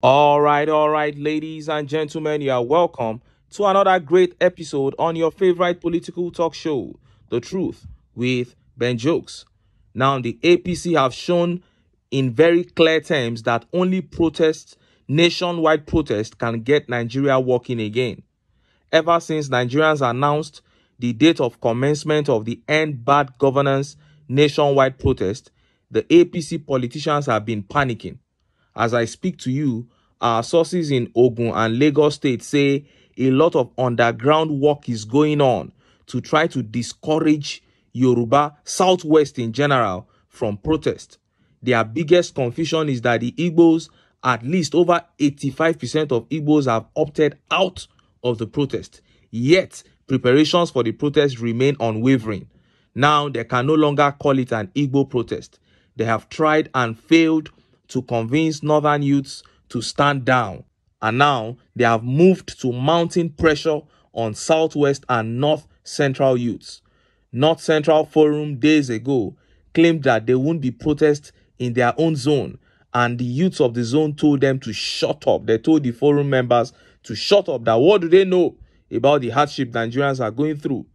All right, all right, ladies and gentlemen, you are welcome to another great episode on your favorite political talk show, The Truth with Ben Jokes. Now, the APC have shown in very clear terms that only protests, nationwide protests, can get Nigeria working again. Ever since Nigerians announced the date of commencement of the End Bad Governance nationwide protest, the APC politicians have been panicking as I speak to you, our sources in Ogun and Lagos State say a lot of underground work is going on to try to discourage Yoruba Southwest in general from protest. Their biggest confusion is that the Igbos, at least over 85% of Igbos have opted out of the protest. Yet, preparations for the protest remain unwavering. Now, they can no longer call it an Igbo protest. They have tried and failed to convince northern youths to stand down, and now they have moved to mounting pressure on southwest and north central youths. North Central Forum days ago claimed that they wouldn't be protest in their own zone, and the youths of the zone told them to shut up. They told the forum members to shut up. That what do they know about the hardship Nigerians are going through?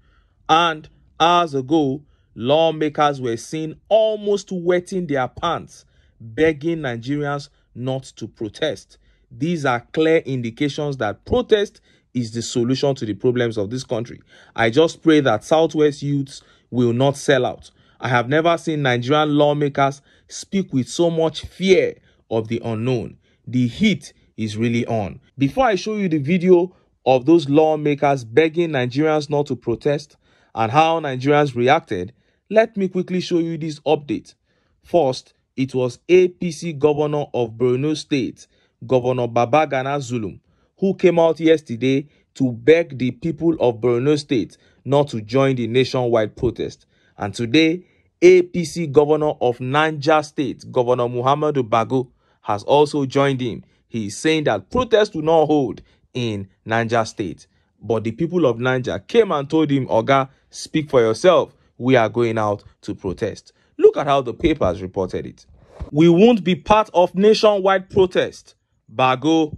And hours ago, lawmakers were seen almost wetting their pants begging Nigerians not to protest. These are clear indications that protest is the solution to the problems of this country. I just pray that Southwest youths will not sell out. I have never seen Nigerian lawmakers speak with so much fear of the unknown. The heat is really on. Before I show you the video of those lawmakers begging Nigerians not to protest and how Nigerians reacted, let me quickly show you this update. First, it was APC governor of Bruno State, Governor Babagana Zulum, who came out yesterday to beg the people of Bruno State not to join the nationwide protest. And today, APC governor of Niger State, Governor Muhammadu Bago, has also joined him. He is saying that protest will not hold in Niger State. But the people of Niger came and told him, Oga, speak for yourself. We are going out to protest. Look at how the papers reported it. We won't be part of nationwide protest. Bago,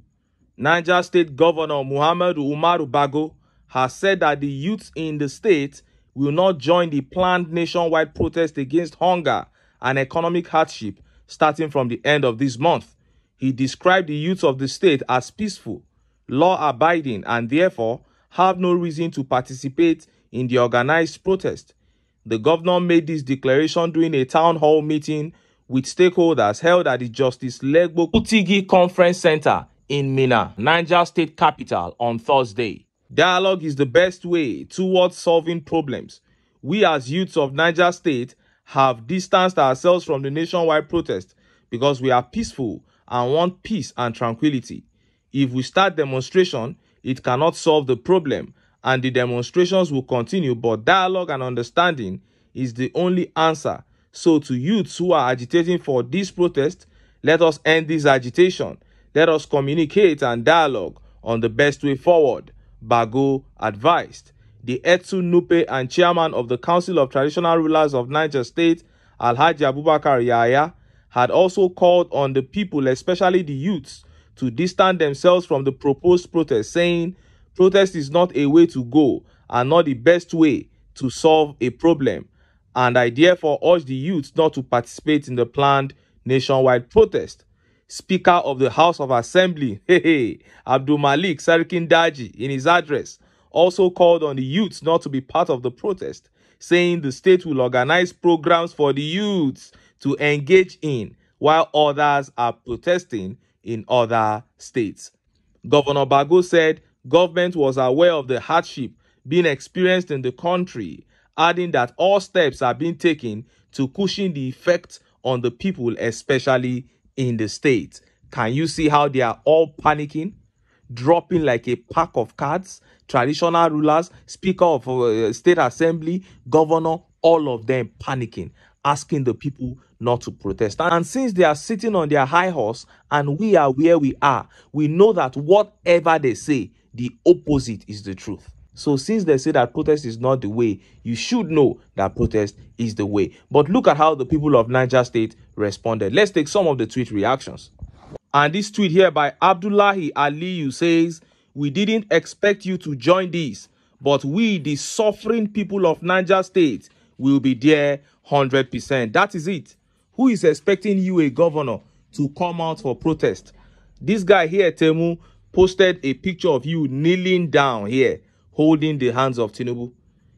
Niger State Governor Muhammad Umaru Bago has said that the youths in the state will not join the planned nationwide protest against hunger and economic hardship starting from the end of this month. He described the youths of the state as peaceful, law-abiding, and therefore have no reason to participate in the organized protest. The governor made this declaration during a town hall meeting with stakeholders held at the Justice Legbo Kutigi Conference Center in Mina, Niger State capital, on Thursday. Dialogue is the best way towards solving problems. We as youths of Niger State have distanced ourselves from the nationwide protest because we are peaceful and want peace and tranquility. If we start demonstration, it cannot solve the problem and the demonstrations will continue, but dialogue and understanding is the only answer. So, to youths who are agitating for this protest, let us end this agitation. Let us communicate and dialogue on the best way forward, Bago advised. The Etsu Nupe and chairman of the Council of Traditional Rulers of Niger State, Alhaji Abubakar Yaya, had also called on the people, especially the youths, to distance themselves from the proposed protest, saying Protest is not a way to go and not the best way to solve a problem, and I therefore urge the youth not to participate in the planned nationwide protest. Speaker of the House of Assembly, hey, Abdul Malik Sarikin Daji, in his address, also called on the youths not to be part of the protest, saying the state will organize programs for the youths to engage in while others are protesting in other states. Governor Bago said government was aware of the hardship being experienced in the country, adding that all steps are being taken to cushion the effect on the people, especially in the state. Can you see how they are all panicking? Dropping like a pack of cards, traditional rulers, speaker of uh, state assembly, governor, all of them panicking, asking the people not to protest. And since they are sitting on their high horse and we are where we are, we know that whatever they say, the opposite is the truth. So since they say that protest is not the way, you should know that protest is the way. But look at how the people of Niger State responded. Let's take some of the tweet reactions. And this tweet here by Abdullahi Aliyu says, We didn't expect you to join this, but we, the suffering people of Niger State, will be there 100%. That is it. Who is expecting you, a governor, to come out for protest? This guy here, Temu, posted a picture of you kneeling down here, holding the hands of Tinubu.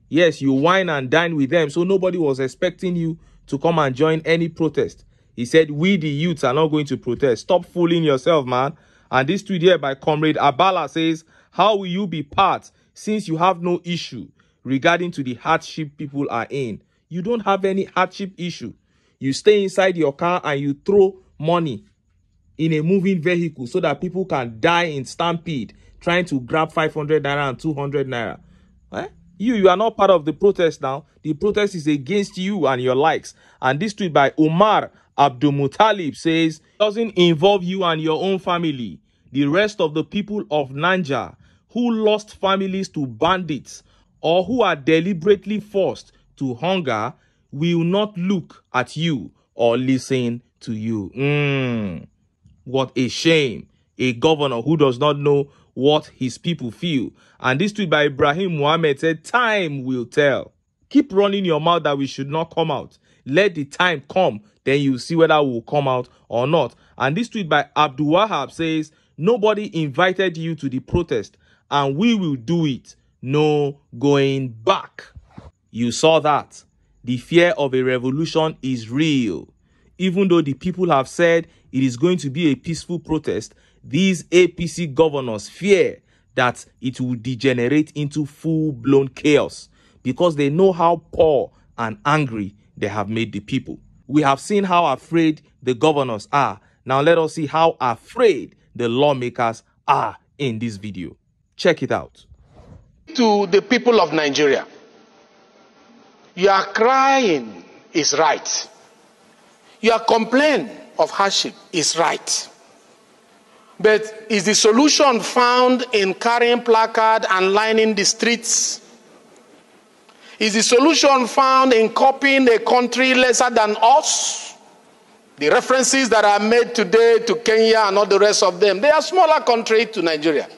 Yes, you wine and dine with them, so nobody was expecting you to come and join any protest. He said, we the youths are not going to protest. Stop fooling yourself, man. And this tweet here by Comrade Abala says, how will you be part since you have no issue regarding to the hardship people are in? You don't have any hardship issue. You stay inside your car and you throw money in a moving vehicle so that people can die in stampede trying to grab 500 naira and 200 naira. Eh? You, you are not part of the protest now. The protest is against you and your likes. And this tweet by Omar Abdulmutalib says, doesn't involve you and your own family. The rest of the people of Niger who lost families to bandits or who are deliberately forced to hunger will not look at you or listen to you. Mm. What a shame. A governor who does not know what his people feel. And this tweet by Ibrahim Mohammed said, time will tell. Keep running your mouth that we should not come out. Let the time come, then you see whether we'll come out or not. And this tweet by Abdul Wahab says, nobody invited you to the protest and we will do it. No going back. You saw that. The fear of a revolution is real even though the people have said it is going to be a peaceful protest, these APC governors fear that it will degenerate into full-blown chaos because they know how poor and angry they have made the people. We have seen how afraid the governors are. Now let us see how afraid the lawmakers are in this video. Check it out. To the people of Nigeria, your crying is right. Your complaint of hardship is right. But is the solution found in carrying placard and lining the streets? Is the solution found in copying a country lesser than us? The references that are made today to Kenya and all the rest of them, they are smaller countries to Nigeria.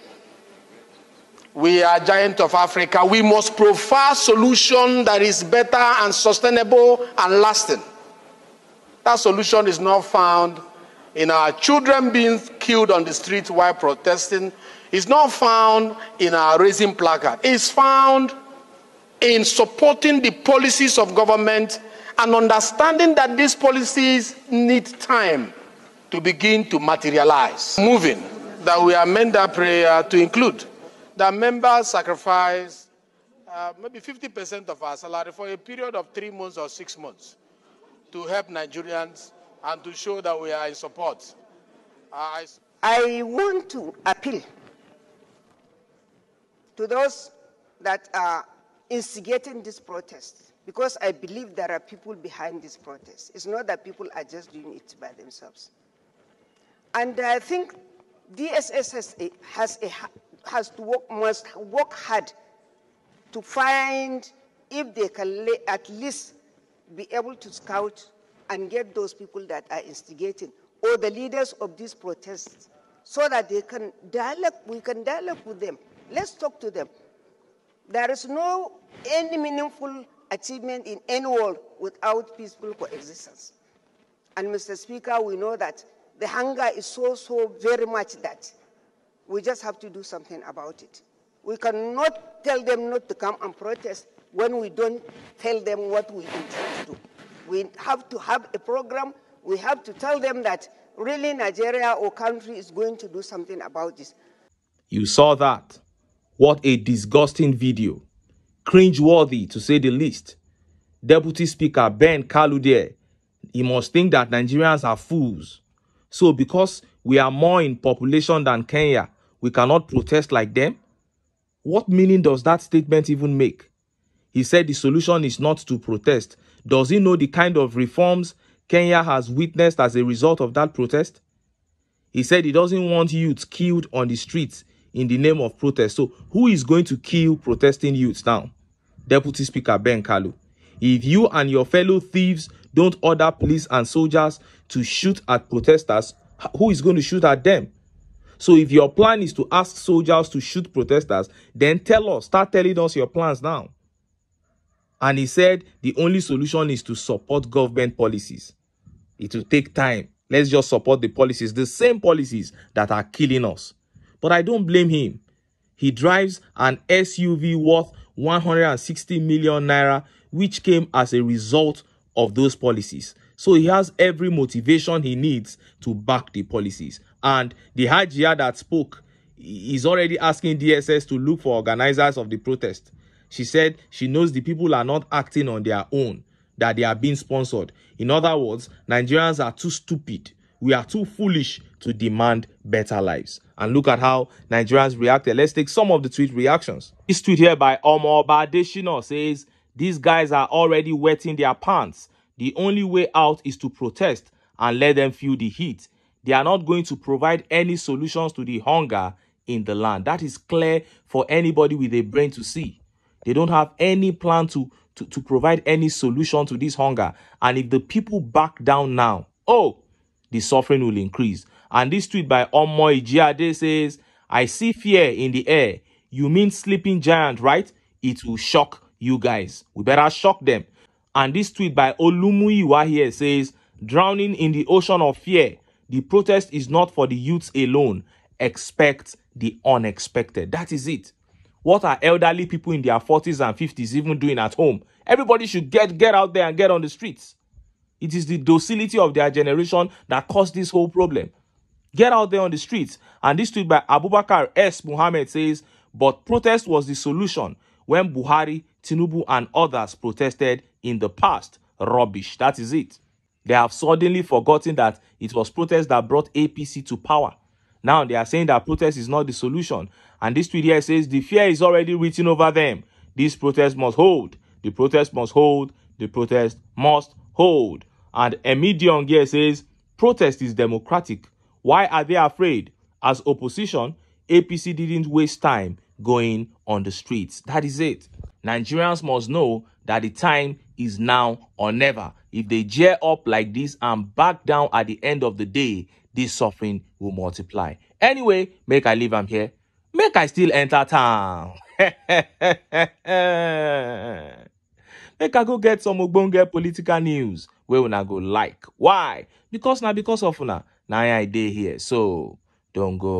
We are giant of Africa. We must prefer solution that is better and sustainable and lasting. That solution is not found in our children being killed on the street while protesting. It's not found in our raising placard. It's found in supporting the policies of government and understanding that these policies need time to begin to materialize. Moving, that we amend that prayer to include that members sacrifice uh, maybe 50% of our salary for a period of three months or six months to help Nigerians and to show that we are in support. Uh, I, I want to appeal to those that are instigating this protest because I believe there are people behind this protest. It's not that people are just doing it by themselves. And I think DSS has, a, has, a, has to work, must work hard to find if they can lay, at least be able to scout and get those people that are instigating or the leaders of these protests so that they can dialogue, we can dialogue with them. Let's talk to them. There is no any meaningful achievement in any world without peaceful coexistence. And Mr. Speaker, we know that the hunger is so, so very much that we just have to do something about it. We cannot tell them not to come and protest when we don't tell them what we intend to do. We have to have a program. We have to tell them that really Nigeria or country is going to do something about this. You saw that. What a disgusting video. Cringe-worthy, to say the least. Deputy Speaker Ben Kalude, he must think that Nigerians are fools. So because we are more in population than Kenya, we cannot protest like them? What meaning does that statement even make? He said the solution is not to protest. Does he know the kind of reforms Kenya has witnessed as a result of that protest? He said he doesn't want youths killed on the streets in the name of protest. So who is going to kill protesting youths now? Deputy Speaker Ben Kalu. If you and your fellow thieves don't order police and soldiers to shoot at protesters, who is going to shoot at them? So if your plan is to ask soldiers to shoot protesters, then tell us, start telling us your plans now. And he said the only solution is to support government policies. It will take time. Let's just support the policies, the same policies that are killing us. But I don't blame him. He drives an SUV worth 160 million naira, which came as a result of those policies. So he has every motivation he needs to back the policies. And the Hajia that spoke is already asking DSS to look for organizers of the protest. She said she knows the people are not acting on their own, that they are being sponsored. In other words, Nigerians are too stupid. We are too foolish to demand better lives. And look at how Nigerians reacted. Let's take some of the tweet reactions. This tweet here by Omar Badeshino says, These guys are already wetting their pants. The only way out is to protest and let them feel the heat. They are not going to provide any solutions to the hunger in the land. That is clear for anybody with a brain to see. They don't have any plan to, to, to provide any solution to this hunger. And if the people back down now, oh, the suffering will increase. And this tweet by Omoy Jiade says, I see fear in the air. You mean sleeping giant, right? It will shock you guys. We better shock them. And this tweet by Olumuyiwa here says, drowning in the ocean of fear. The protest is not for the youths alone. Expect the unexpected. That is it. What are elderly people in their 40s and 50s even doing at home? Everybody should get, get out there and get on the streets. It is the docility of their generation that caused this whole problem. Get out there on the streets. And this tweet by Abubakar S. Muhammad says, but protest was the solution when Buhari, Tinubu and others protested in the past. Rubbish. That is it. They have suddenly forgotten that it was protest that brought APC to power. Now they are saying that protest is not the solution. And this tweet here says the fear is already written over them. This protest must hold. The protest must hold. The protest must hold. And Emidion here says protest is democratic. Why are they afraid? As opposition, APC didn't waste time going on the streets. That is it. Nigerians must know that the time is now or never. If they gear up like this and back down at the end of the day, this suffering will multiply. Anyway, make I leave am here. Make I still enter town. make I go get some ogbonge political news Where wey I go like. Why? Because now, because of una na I day here. So, don't go